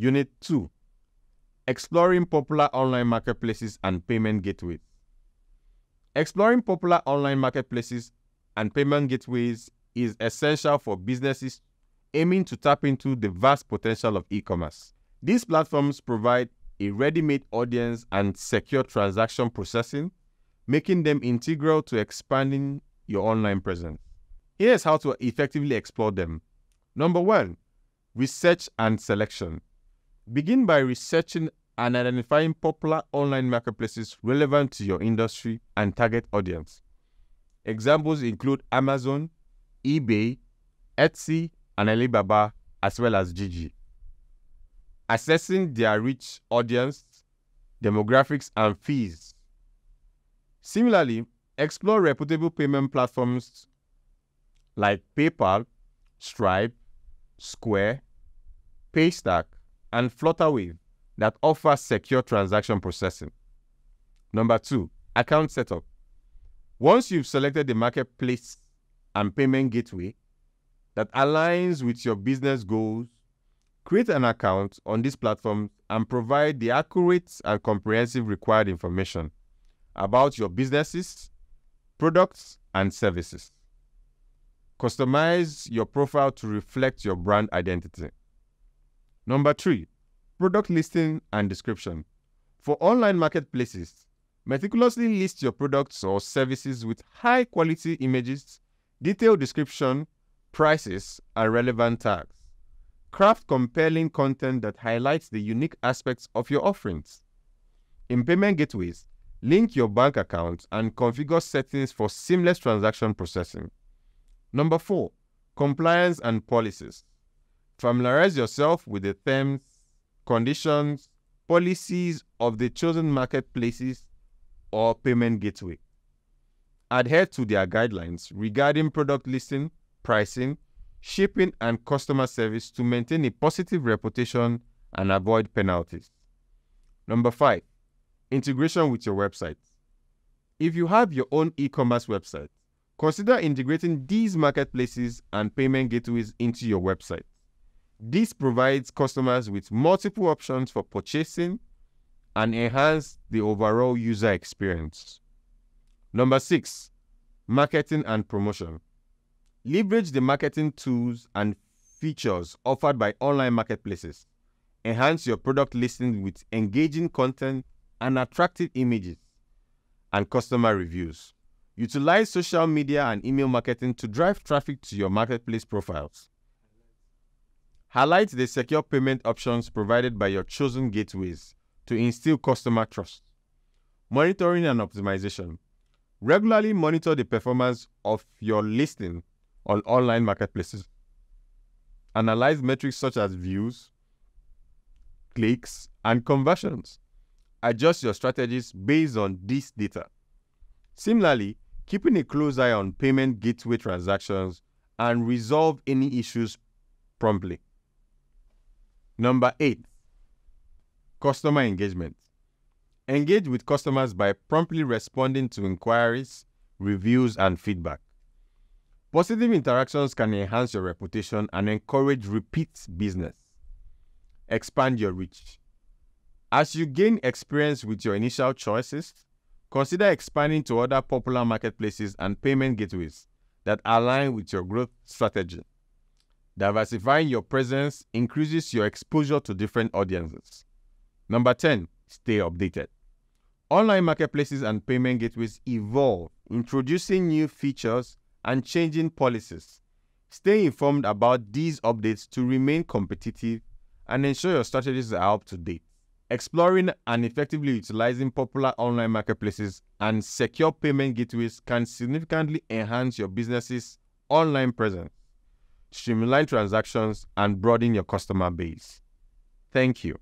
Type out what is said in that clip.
Unit 2 Exploring popular online marketplaces and payment gateways. Exploring popular online marketplaces and payment gateways is essential for businesses aiming to tap into the vast potential of e commerce. These platforms provide a ready made audience and secure transaction processing, making them integral to expanding your online presence. Here's how to effectively explore them. Number one, research and selection. Begin by researching and identifying popular online marketplaces relevant to your industry and target audience. Examples include Amazon, eBay, Etsy, and Alibaba, as well as Gigi. Assessing their rich audience, demographics, and fees. Similarly, explore reputable payment platforms like PayPal, Stripe, Square, Paystack, and Flutterwave that offer secure transaction processing. Number two, account setup. Once you've selected the marketplace and payment gateway that aligns with your business goals, create an account on these platforms and provide the accurate and comprehensive required information about your businesses, products, and services. Customize your profile to reflect your brand identity. Number three, product listing and description. For online marketplaces, meticulously list your products or services with high quality images, detailed description, prices, and relevant tags. Craft compelling content that highlights the unique aspects of your offerings. In payment gateways, link your bank account and configure settings for seamless transaction processing. Number four, compliance and policies. Familiarize yourself with the terms, conditions, policies of the chosen marketplaces or payment gateway. Adhere to their guidelines regarding product listing, pricing, shipping, and customer service to maintain a positive reputation and avoid penalties. Number five, integration with your website. If you have your own e commerce website, consider integrating these marketplaces and payment gateways into your website. This provides customers with multiple options for purchasing and enhance the overall user experience. Number six, marketing and promotion. Leverage the marketing tools and features offered by online marketplaces. Enhance your product listing with engaging content and attractive images and customer reviews. Utilize social media and email marketing to drive traffic to your marketplace profiles. Highlight the secure payment options provided by your chosen gateways to instill customer trust. Monitoring and optimization. Regularly monitor the performance of your listing on online marketplaces. Analyze metrics such as views, clicks, and conversions. Adjust your strategies based on this data. Similarly, keeping a close eye on payment gateway transactions and resolve any issues promptly. Number eight, customer engagement. Engage with customers by promptly responding to inquiries, reviews, and feedback. Positive interactions can enhance your reputation and encourage repeat business. Expand your reach. As you gain experience with your initial choices, consider expanding to other popular marketplaces and payment gateways that align with your growth strategy. Diversifying your presence increases your exposure to different audiences. Number 10, stay updated. Online marketplaces and payment gateways evolve, introducing new features and changing policies. Stay informed about these updates to remain competitive and ensure your strategies are up to date. Exploring and effectively utilizing popular online marketplaces and secure payment gateways can significantly enhance your business's online presence streamline transactions, and broaden your customer base. Thank you.